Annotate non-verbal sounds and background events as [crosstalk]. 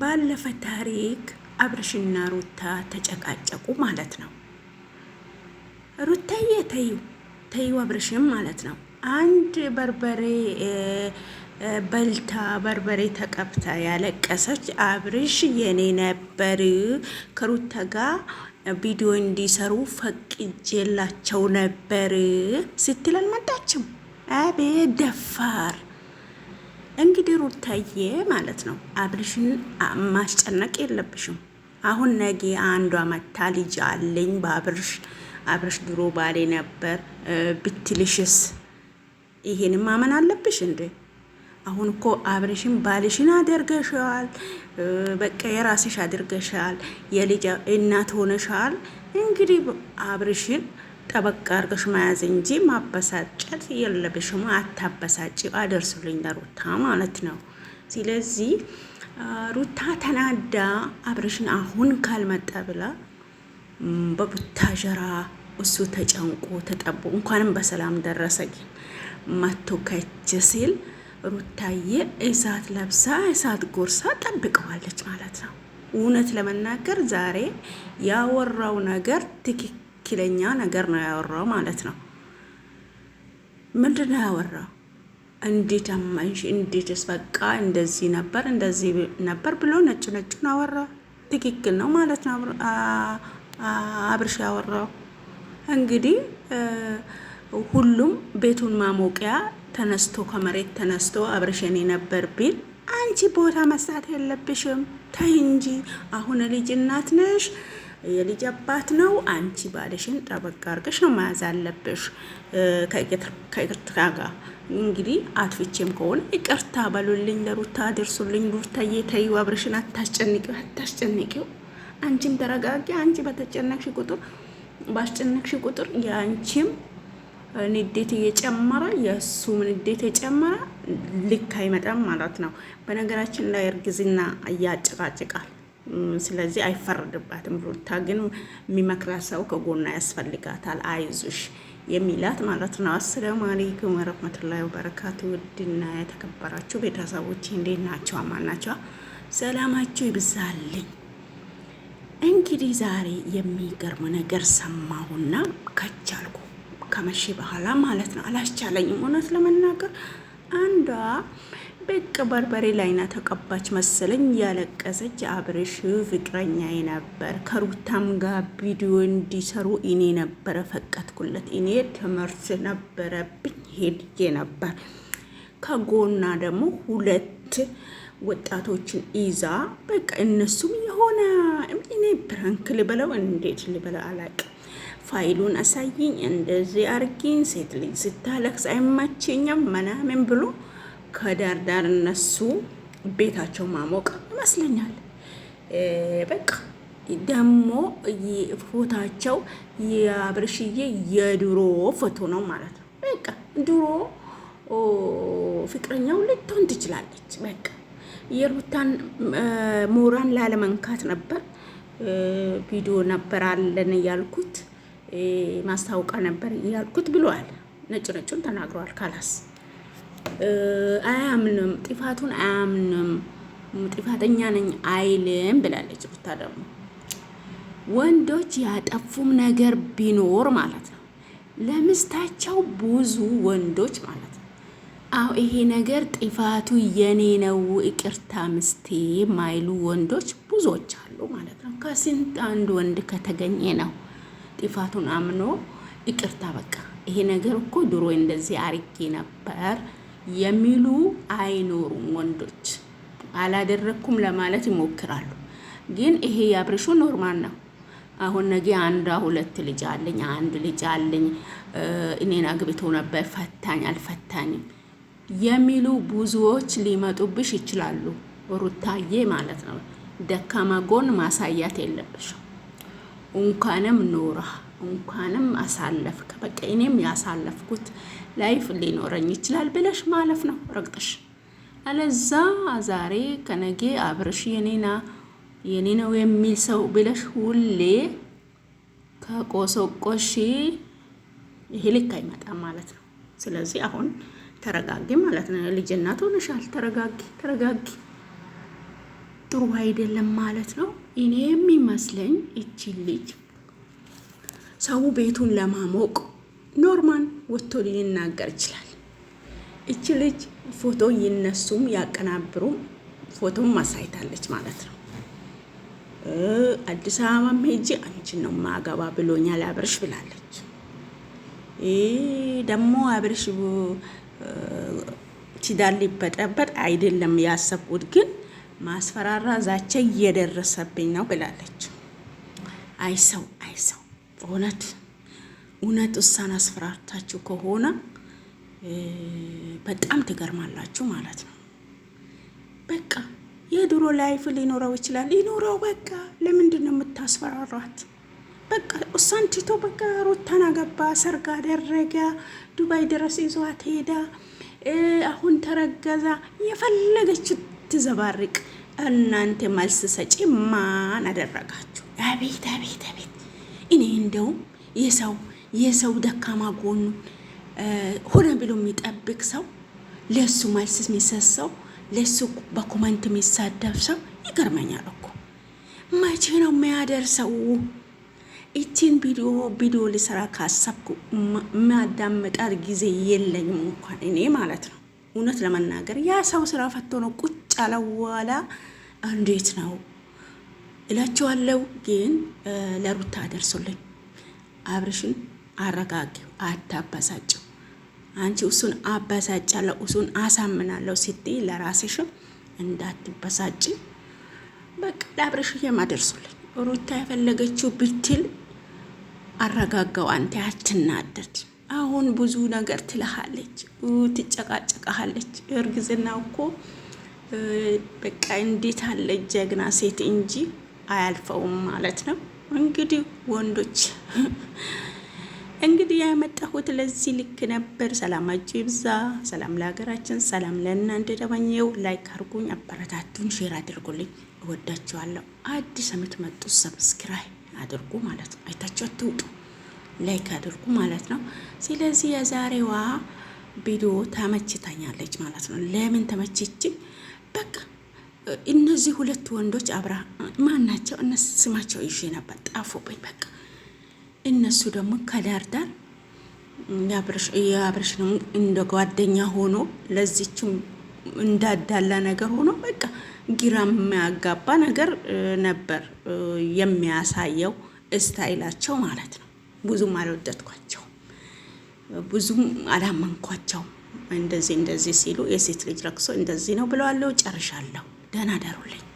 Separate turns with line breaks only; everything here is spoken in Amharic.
ባለፈ ታሪክ አብርሽና ሩታ ተጨቃጨቁ ማለት ነው። ሩታዬ ተዩ ተዩ አብርሽም ማለት ነው። አንድ በርበሬ በልታ በርበሬ ተቀብታ ያለቀሰች አብርሽ የኔ ነበር ከሩታ ጋር ቪዲዮ እንዲሰሩ ፈቅጄላቸው ነበር ስትል አልመጣችም። አቤ ደፋር እንግዲህ ሩታዬ ማለት ነው አብርሽን ማስጨነቅ የለብሽም። አሁን ነገ አንዷ መታ ልጅ አለኝ በአብርሽ አብርሽ ድሮ ባሌ ነበር ብትልሽስ ይሄን ማመን አለብሽ እንዴ? አሁን እኮ አብርሽን ባልሽን አድርገሻል፣ በቃ የራስሽ አድርገሻል፣ የልጅ እናት ሆነሻል። እንግዲህ አብርሽን ጠበቅ አድርገሽ መያዝ እንጂ ማበሳጨት የለብሽም። አታበሳጭ አደርሱልኝ ለሩታ ማለት ነው። ስለዚህ ሩታ ተናዳ አብረሽን አሁን ካልመጣ ብላ በቡታጀራ እሱ ተጨንቆ ተጠቦ እንኳንም በሰላም ደረሰ። ግን መቶ ከች ሲል ሩታዬ እሳት ለብሳ እሳት ጎርሳ ጠብቀዋለች ማለት ነው። እውነት ለመናገር ዛሬ ያወራው ነገር ትክክል ትክክለኛ ነገር ነው ያወራው ማለት ነው። ምንድን ነው ያወራው? እንዴት አማንሽ? እንዴትስ? በቃ እንደዚህ ነበር እንደዚህ ነበር ብሎ ነጭ ነጩን ያወራው? ትክክል ነው ማለት ነው አብርሽ ያወራው። እንግዲህ ሁሉም ቤቱን ማሞቂያ ተነስቶ ከመሬት ተነስቶ አብርሽ እኔ ነበር ቢል አንቺ ቦታ መስጣት የለብሽም። ተይ እንጂ አሁን ልጅ እናት ነሽ። የልጅ አባት ነው። አንቺ ባልሽን ጠበቅ አድርገሽ ነው መያዝ አለብሽ። ከይቅርታ ጋር እንግዲህ አትፍቼም ከሆነ ይቅርታ በሉልኝ፣ ለሩታ አድርሱልኝ። ሩታዬ ተይው፣ አብረሽን አታስጨንቂው፣ አታስጨንቂው። አንቺም ተረጋጊ። አንቺ በተጨነቅሽ ቁጥር ባስጨነቅሽ ቁጥር የአንቺም ንዴት እየጨመረ የእሱም ንዴት የጨመረ ልክ አይመጣም ማለት ነው። በነገራችን ላይ እርግዝና እያጨቃጭቃል። ስለዚህ አይፈረድባትም። ሩታ ግን የሚመክራ ሰው ከጎና ያስፈልጋታል። አይዞሽ የሚላት ማለት ነው። አሰላሙ አለይኩም ወረህመቱላሂ ወበረካቱ። ውድና የተከበራችሁ ቤተሰቦች እንዴት ናቸው? አማን ናቸው? ሰላማችሁ ይብዛልኝ። እንግዲህ ዛሬ የሚገርም ነገር ሰማሁና ከቻልኩ ከመቼ በኋላ ማለት ነው አላስቻለኝም፣ እውነት ለመናገር አንዷ ድብቅ በርበሬ ላይና ተቀባች መሰለኝ ያለቀሰች የአብርሽ ፍቅረኛ ነበር። ከሩታም ጋር ቪዲዮ እንዲሰሩ እኔ ነበረ ፈቀድኩለት። እኔ ትምህርት ነበረብኝ ሄድዬ ነበር። ከጎና ደግሞ ሁለት ወጣቶችን ይዛ በቃ እነሱም የሆነ እኔ ብረንክ ልበለው እንዴት ልበለው አላቅ ፋይሉን አሳይኝ እንደዚህ አርጊኝ ሴት ልጅ ስታለቅስ አይመቸኝም ምናምን ብሎ ከዳርዳር እነሱ ቤታቸው ማሞቅ ይመስለኛል። በቃ ደግሞ ፎታቸው የአብርሽዬ የድሮ ፎቶ ነው ማለት ነው። በቃ ድሮ ፍቅረኛው ልትሆን ትችላለች። በቃ የሩታን ሞራን ላለመንካት ነበር ቪዲዮ ነበር አለን እያልኩት ማስታወቃ ነበር እያልኩት ብለዋል። ነጭ ነጩን ተናግረዋል። ካላስ አያምንም፣ ጥፋቱን አያምንም፣ ጥፋተኛ ነኝ አይልም ብላለች። ብታ ደግሞ ወንዶች ያጠፉም ነገር ቢኖር ማለት ነው ለምስታቸው ብዙ ወንዶች ማለት ነው አዎ ይሄ ነገር ጥፋቱ የኔ ነው ይቅርታ ምስቴ ማይሉ ወንዶች ብዙዎች አሉ ማለት ነው። ከስንት አንድ ወንድ ከተገኘ ነው ጥፋቱን አምኖ ይቅርታ በቃ ይሄ ነገር እኮ ድሮ እንደዚህ አርጌ ነበር የሚሉ አይኖሩም። ወንዶች አላደረግኩም ለማለት ይሞክራሉ። ግን ይሄ የአብርሹ ኖርማል ነው። አሁን ነገ አንዷ ሁለት ልጅ አለኝ አንድ ልጅ አለኝ እኔን አግብቶ ነበር ፈታኝ አልፈታኝም የሚሉ ብዙዎች ሊመጡብሽ ይችላሉ። ሩታዬ ማለት ነው። ደካማ ጎን ማሳያት የለብሽም። እንኳንም ኖራ እንኳንም አሳለፍክ። በቃ እኔም ያሳለፍኩት ላይፍ ሊኖረኝ ይችላል ብለሽ ማለፍ ነው ረግጠሽ። አለዛ ዛሬ ከነጌ አብረሽ የኔና የኔ ነው የሚል ሰው ብለሽ ሁሌ ከቆሰቆሺ ይሄ ልክ አይመጣም ማለት ነው። ስለዚህ አሁን ተረጋጊ ማለት ነው። ልጅ እናት ሆነሻል። ተረጋጊ ተረጋጊ። ጥሩ አይደለም ማለት ነው። እኔ የሚመስለኝ እቺ ልጅ ሰው ቤቱን ለማሞቅ ኖርማን ወጥቶ ሊናገር ይችላል። እች ልጅ ፎቶ ይነሱም ያቀናብሩም ፎቶም ማሳይታለች ማለት ነው። አዲስ አበባም ሄጂ አንቺን ነው ማገባ ብሎኛል አብርሽ ብላለች። ደግሞ አብርሽ ትዳር ሊበጠበጥ አይደለም ያሰብኩት፣ ግን ማስፈራራ ዛቻ እየደረሰብኝ ነው ብላለች። አይሰው አይሰው እውነት እውነት እሷን አስፈራርታችሁ ከሆነ በጣም ትገርማላችሁ ማለት ነው። በቃ የድሮ ላይፍ ሊኖረው ይችላል ሊኖረው። በቃ ለምንድን ነው የምታስፈራሯት? በቃ እሷን ትቶ በቃ ሩታን አገባ፣ ሰርግ አደረገ፣ ዱባይ ድረስ ይዟት ሄዳ፣ አሁን ተረገዛ፣ የፈለገች ትዘባርቅ። እናንተ መልስ ሰጪ ማን አደረጋችሁ? አቤት አቤት አቤት እኔ እንደውም የሰው የሰው ደካማ ጎኑ ሆነ ብሎ የሚጠብቅ ሰው ለሱ መልስ የሚሰጥ ሰው ለሱ በኮመንት የሚሳደብ ሰው ይገርመኛል እኮ። መቼ ነው የሚያደርሰው? እችን ቪዲዮ ቪዲዮ ልስራ ካሰብኩ ማዳመጣር ጊዜ የለኝም እንኳን እኔ ማለት ነው። እውነት ለመናገር ያ ሰው ስራ ፈቶ ነው ቁጭ አለዋላ። እንዴት ነው እላችኋለሁ። ግን ለሩታ አደርሱልኝ። አብርሽን አረጋጊው፣ አታበሳጭው። አንቺ እሱን አበሳጫለሁ፣ እሱን አሳምናለሁ ስትይ ለራስሽ እንዳትበሳጭ በቃ ለአብርሽ የማደርሱልኝ። ሩታ የፈለገችው ብትል አረጋጋው። አንተ አትናደድ። አሁን ብዙ ነገር ትልሃለች፣ ትጨቃጨቃሃለች። እርግዝና እኮ በቃ እንዴት አለ ጀግና ሴት እንጂ አያልፈውም ማለት ነው። እንግዲህ ወንዶች [laughs] እንግዲህ ያመጣሁት ለዚህ ልክ ነበር። ሰላማችሁ ይብዛ። ሰላም ለሀገራችን፣ ሰላም ለእናንተ ደባኘው። ላይክ አርጉኝ፣ አበረታቱኝ፣ ሼር አድርጉልኝ። እወዳችኋለሁ። አዲስ አመት መጡ፣ ሰብስክራይ አድርጉ ማለት ነው። አይታችሁ አትውጡ፣ ላይክ አድርጉ ማለት ነው። ስለዚህ የዛሬዋ ቪዲዮ ተመችታኛለች ማለት ነው። ለምን ተመችችኝ? በቃ እነዚህ ሁለት ወንዶች አብራ ማን ናቸው? እነሱ ስማቸው ይዤ ነበር ጣፉብኝ። በቃ እነሱ ደግሞ ከዳርዳር የአብረሽንም እንደ ጓደኛ ሆኖ ለዚችም እንዳዳላ ነገር ሆኖ በቃ ግራ የሚያጋባ ነገር ነበር የሚያሳየው እስታይላቸው ማለት ነው። ብዙም አልወደድኳቸው፣ ብዙም አላመንኳቸው። እንደዚህ እንደዚህ ሲሉ የሴት ልጅ ረክሶ እንደዚህ ነው ብለዋለሁ። ጨርሻለሁ። ደህና ደሩልኝ።